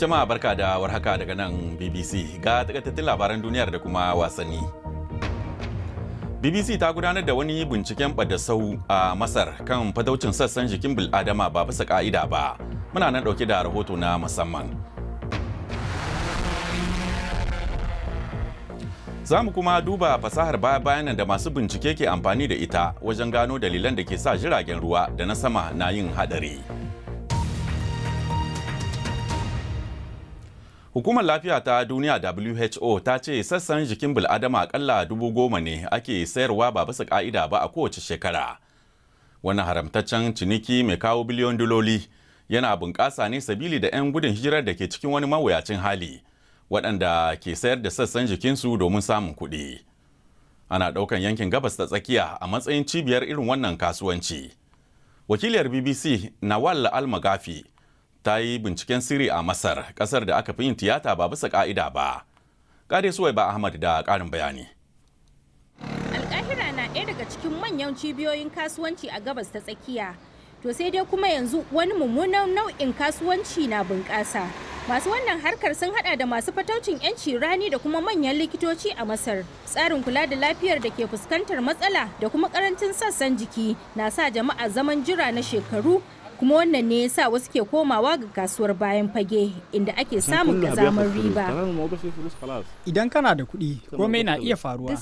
Jama'a barka da warhaka daga nan BBC ga takaitattun labaran duniyar da kuma wasanni. BBC ta gudanar da wani binciken sau a Masar kan fadaucin sassan jikin bil'adama ba bisa ka'ida ba. Muna nan ɗauke da rahoto na musamman. Za mu kuma duba fasahar baya-bayan da masu bincike ke amfani da ita wajen gano dalilan da ke sa jiragen ruwa da na sama na yin haɗari. Hukumar lafiya ta duniya WHO ta ce sassan jikin bil'adama akalla dubu goma ne ake sayarwa ba bisa ka'ida ba a kowace shekara. Wani haramtaccen ciniki mai kawo biliyon diloli yana bunƙasa ne sabili da 'yan gudun hijirar da ke cikin wani mawuyacin hali waɗanda ke sayar da sassan jikinsu domin samun kuɗi. Ana ɗaukan yankin gabas da tsakiya a matsayin cibiyar irin wannan kasuwanci. Wakiliyar BBC Nawal almagafi ta yi binciken sirri a Masar, kasar da aka fi yin tiyata ba bisa ka'ida ba. Kare suwai ba Ahmad da ƙarin bayani. alkahira na ɗaya daga cikin manyan cibiyoyin kasuwanci a gabas ta tsakiya. To sai dai kuma yanzu wani mummunan nau'in kasuwanci na bunƙasa. Masu wannan harkar sun hada da masu fataucin 'yanci rani da kuma manyan likitoci a Masar. Tsarin kula da lafiyar da ke fuskantar matsala da kuma karancin sassan jiki na sa jama'a zaman jira na shekaru kuma wannan ne yasa wasu ke komawa ga kasuwar bayan fage inda ake samun kazamar riba idan kana da kuɗi komai na iya faruwa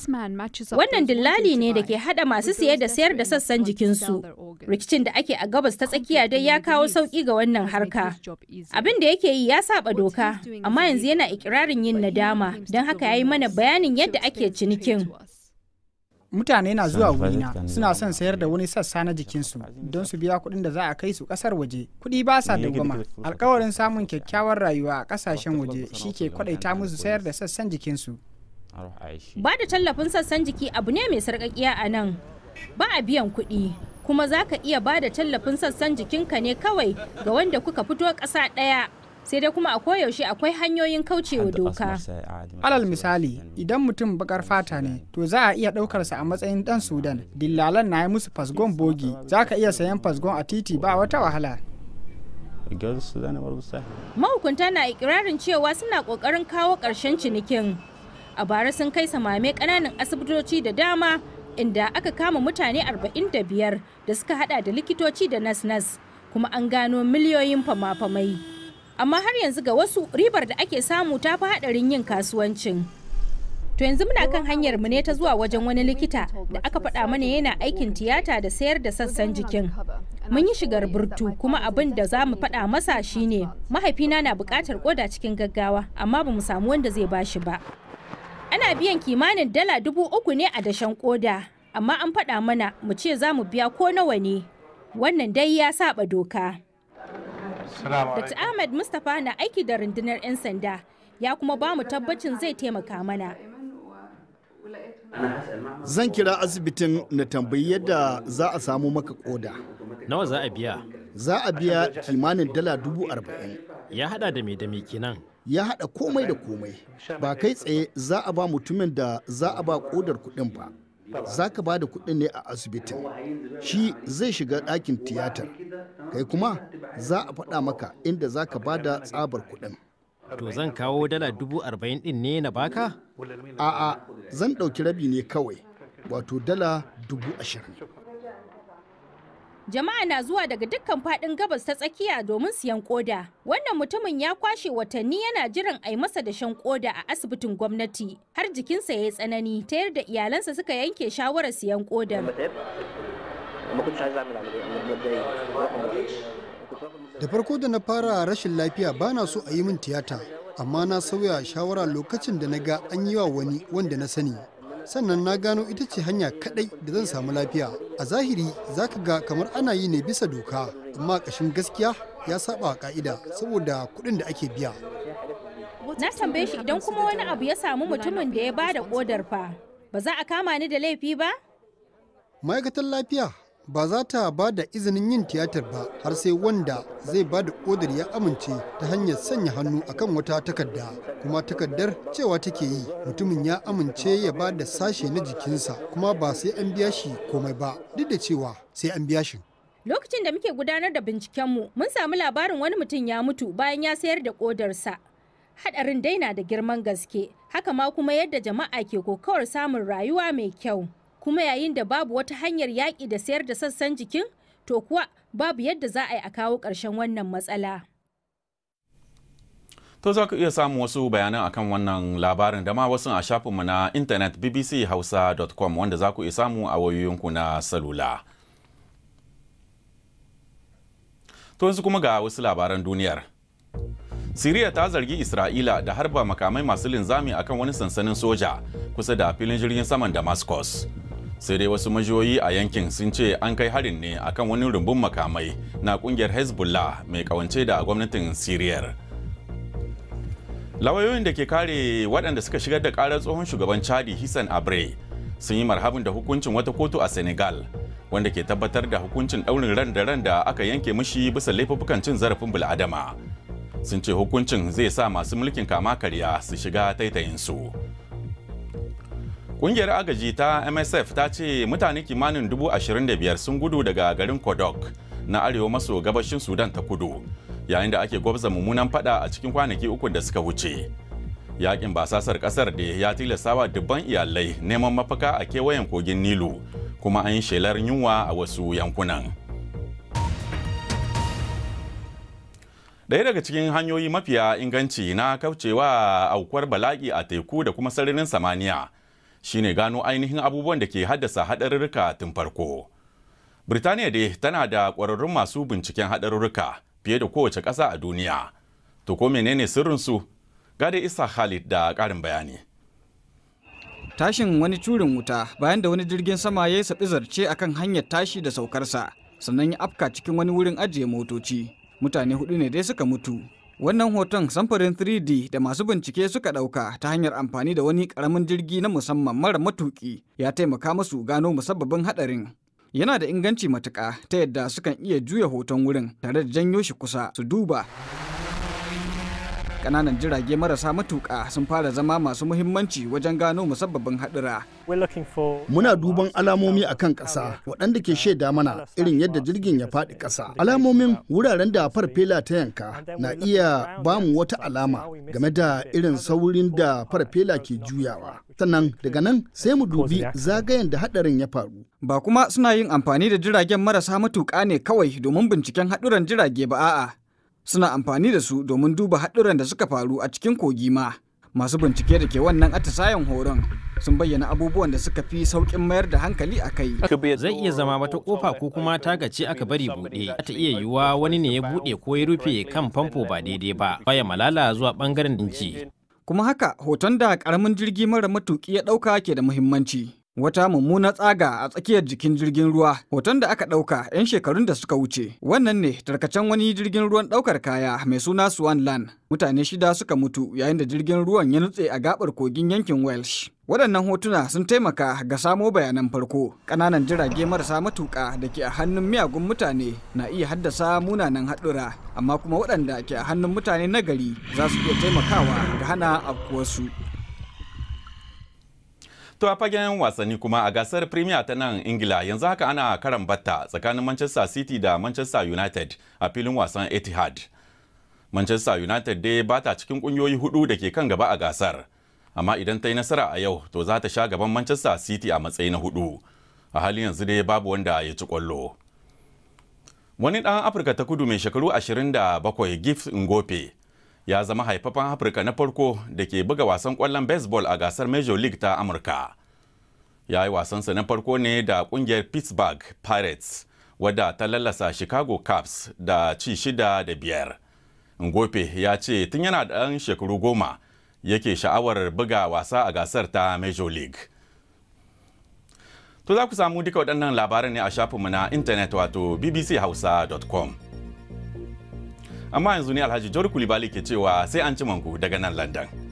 wannan dillali ne da ke hada masu siye da sayar da sassan jikinsu rikicin da ake a gabas ta tsakiya dai ya kawo sauki ga wannan harka abin da yake yi ya saba doka amma yanzu yana ikirarin yin nadama don haka ya yi mana bayanin yadda ake cinikin mutane na zuwa wurina suna son sayar da wani sassa na jikinsu don su biya kuɗin da za a kai su ƙasar waje kuɗi ba sa dawwama alkawarin samun kyakkyawar rayuwa a ƙasashen waje shi ke kwaɗaita musu sayar da sassan jikinsu ba da tallafin sassan jiki abu ne mai sarƙaƙiya a nan ba a biyan kuɗi kuma za ka iya ba da tallafin sassan jikinka ne kawai ga wanda kuka fito ƙasa ɗaya sai dai kuma a koyaushe akwai hanyoyin kaucewa doka. Alal misali, idan mutum bakar fata ne, to za a iya ɗaukarsa a matsayin ɗan Sudan. Dillalan na yi musu fasgon bogi, za ka iya sayan fasgon a titi ba wata wahala. Mahukunta na ikirarin cewa suna ƙoƙarin kawo ƙarshen cinikin. A bara sun kai samame ƙananan asibitoci da dama inda aka kama mutane 45 da suka hada da likitoci da nas-nas kuma an gano miliyoyin fama-famai. amma har yanzu ga wasu ribar da ake samu ta fi haɗarin yin kasuwancin. To yanzu muna kan hanyar mu ne ta zuwa wajen wani likita da aka faɗa mana yana aikin tiyata da sayar da sassan jikin. Mun yi shigar burtu kuma abin da za mu faɗa masa shine mahaifina na buƙatar koda cikin gaggawa amma ba mu samu wanda zai ba shi ba. Ana biyan kimanin dala dubu uku ne a dashen koda amma an faɗa mana mu ce za mu biya ko nawa ne. Wannan dai ya saba doka. Dr. Ahmad Mustapha na aiki da rundunar 'yan sanda ya kuma ba mu tabbacin zai taimaka mana. Zan kira asibitin na tambayi yadda za a samu maka koda. Nawa za a biya? Za a biya kimanin dala dubu arba'in. Ya hada da mai da mai kenan? Ya hada komai da komai. Ba kai tsaye za a ba mutumin da za a ba kodar kuɗin ba. za ka ba da kuɗin ne a asibitin shi zai shiga ɗakin tiyatar kai kuma za a faɗa maka inda za ka ba da tsabar kuɗin to zan kawo dala dubu arba'in ɗin ne na baka a'a zan ɗauki rabi ne kawai wato dala dubu ashirin Jama'a na zuwa daga dukkan fadin gabas ta tsakiya domin siyan koda. Wannan mutumin ya kwashe watanni yana jiran a yi masa dashen koda a asibitin gwamnati har jikinsa ya yi tsanani ta yarda iyalansa suka yanke shawarar siyan kodar. Da farko da na fara rashin lafiya ba na so a yi min tiyata, amma na sauya shawara lokacin da na ga an yi wa wani wanda na sani. sannan na gano ita ce hanya kaɗai da zan samu lafiya a zahiri za ka ga kamar ana yi ne bisa doka amma ƙashin gaskiya ya saba ka'ida saboda kuɗin da ake biya na tambaye shi idan kuma wani abu ya samu mutumin da ya bada kodar fa ba za a kama ni da laifi ba ma'aikatar lafiya ba za ta ba da izinin yin tiyatar ba har sai wanda zai ba da ƙodar ya amince ta hanyar sanya hannu akan wata takarda kuma takardar cewa take yi mutumin ya amince ya ba da sashe na jikinsa kuma ba sai an biya shi komai ba duk da cewa sai an biya shi lokacin da muke gudanar da bincikenmu mun samu labarin wani mutum ya mutu bayan ya sayar da kodarsa hadarin daina da girman gaske haka ma kuma yadda jama'a ke kokawar samun rayuwa mai kyau kuma yayin da babu wata hanyar yaƙi da sayar da sassan jikin to kuwa babu yadda za a yi a kawo ƙarshen wannan matsala. To za ku iya samun wasu bayanan akan wannan labarin da ma wasu a shafinmu na intanet bbchausa.com wanda za ku iya samu a wayoyinku na salula. To yanzu kuma ga wasu labaran duniyar. Siriya ta zargi Isra'ila da harba makamai masu linzami akan wani sansanin soja kusa da filin jirgin saman Damascus. sai dai wasu majiyoyi a yankin sun ce an kai harin ne akan wani rumbun makamai na kungiyar hezbollah mai kawance da gwamnatin siriyar lawayoyin da ke kare waɗanda suka shigar da ƙarar tsohon shugaban chadi hisan abre sun yi marhabin da hukuncin wata kotu a senegal wanda ke tabbatar da hukuncin ɗaurin ran da ran da aka yanke mishi bisa laifukan cin zarafin bil'adama sun ce hukuncin zai sa masu mulkin kama karya su shiga taitayinsu. Ƙungiyar agaji ta MSF ta ce mutane kimanin 25,000 sun gudu daga garin Kodok na arewa maso gabashin Sudan ta kudu yayin da ake gwabza mummunan fada a cikin kwanaki uku da suka wuce. Yakin basasar kasar da ya tilastawa dubban iyalai neman mafaka a kewayen kogin Nilu kuma an yi shelar yunwa a wasu yankunan. Ɗaya daga cikin hanyoyi mafiya inganci na kaucewa aukuwar bala'i a teku da kuma sararin samaniya shine gano ainihin abubuwan da ke haddasa haɗarurruka tun farko. Birtaniya dai tana da ƙwararrun masu binciken haɗarurruka fiye da kowace ƙasa a duniya. To ko menene sirrinsu? Gade Isa Khalid da ƙarin bayani. Tashin wani curin wuta bayan da wani jirgin sama ya yi saɓi zarce kan hanyar tashi da saukarsa sannan ya afka cikin wani wurin ajiye motoci. Mutane hudu ne dai suka mutu Wannan hoton samfurin 3D da masu bincike suka ɗauka ta hanyar amfani da wani ƙaramin jirgi na musamman mara matuƙi ya taimaka musu gano musabbabin haɗarin. Yana da inganci matuƙa ta yadda sukan iya juya hoton wurin tare da janyo shi kusa su duba. kananan jirage marasa matuƙa sun fara zama masu muhimmanci wajen gano musabbabin haɗura. Muna duban alamomi a kan ƙasa waɗanda ke shaida mana irin yadda jirgin ya faɗi ƙasa. Alamomin wuraren da farfela ta yanka na iya ba mu wata alama game da irin saurin da farfela ke juyawa. sannan daga nan sai mu dubi zagayen da haɗarin ya faru. Ba kuma suna yin amfani da jiragen marasa matuƙa ne kawai domin binciken haɗuran jirage ba a'a. suna amfani da su domin duba haɗuran da suka faru a cikin kogi ma. Masu bincike da ke wannan atisayen horon sun bayyana abubuwan da suka fi sauƙin mayar da hankali a kai. Zai iya zama wata ƙofa ko kuma tagace aka bari buɗe. Ta iya yiwuwa wani ne ya buɗe ko ya rufe kan famfo ba daidai ba. Baya malala zuwa ɓangaren dinci. Kuma haka hoton da ƙaramin jirgi mara matuƙi ya ɗauka ke da muhimmanci. wata mummunar tsaga a tsakiyar jikin jirgin ruwa hoton da aka ɗauka 'yan shekarun da suka wuce wannan ne tarkacen wani jirgin ruwan ɗaukar kaya mai suna swanland mutane shida suka mutu yayin da jirgin ruwan ya nutse a gabar kogin yankin welsh waɗannan hotuna sun taimaka ga samo bayanan farko ƙananan jirage marasa matuƙa da ke a hannun miyagun mutane na iya haddasa munanan haɗura amma kuma waɗanda ke a hannun mutane nagari za su iya taimakawa ga hana afkuwarsu To a fagen wasanni kuma a gasar Premier ta nan Ingila yanzu haka ana karan batta tsakanin Manchester City da Manchester United a filin wasan Etihad. Manchester United dai ba ta cikin kungiyoyi hudu da ke kan gaba a gasar. Amma idan ta yi nasara a yau to za ta sha gaban Manchester City a matsayi na hudu. A halin yanzu dai babu wanda ya ci kwallo. Wani ɗan Afirka ta kudu mai shekaru 27 Gift Ngope ya zama haifafan afirka na farko da ke buga wasan kwallon baseball a gasar major league ta amurka ya yi wasansa na farko ne da kungiyar pittsburgh pirates wadda ta lallasa chicago cubs da ci shida da biyar ngofe ya ce tun yana da ɗan shekaru goma yake sha'awar buga wasa a gasar ta major league to za ku samu duka waɗannan labarin ne a shafinmu na intanet wato bbchausa.com amma yanzu ne alhaji jauri kulibali ke cewa sai an ci manku daga nan london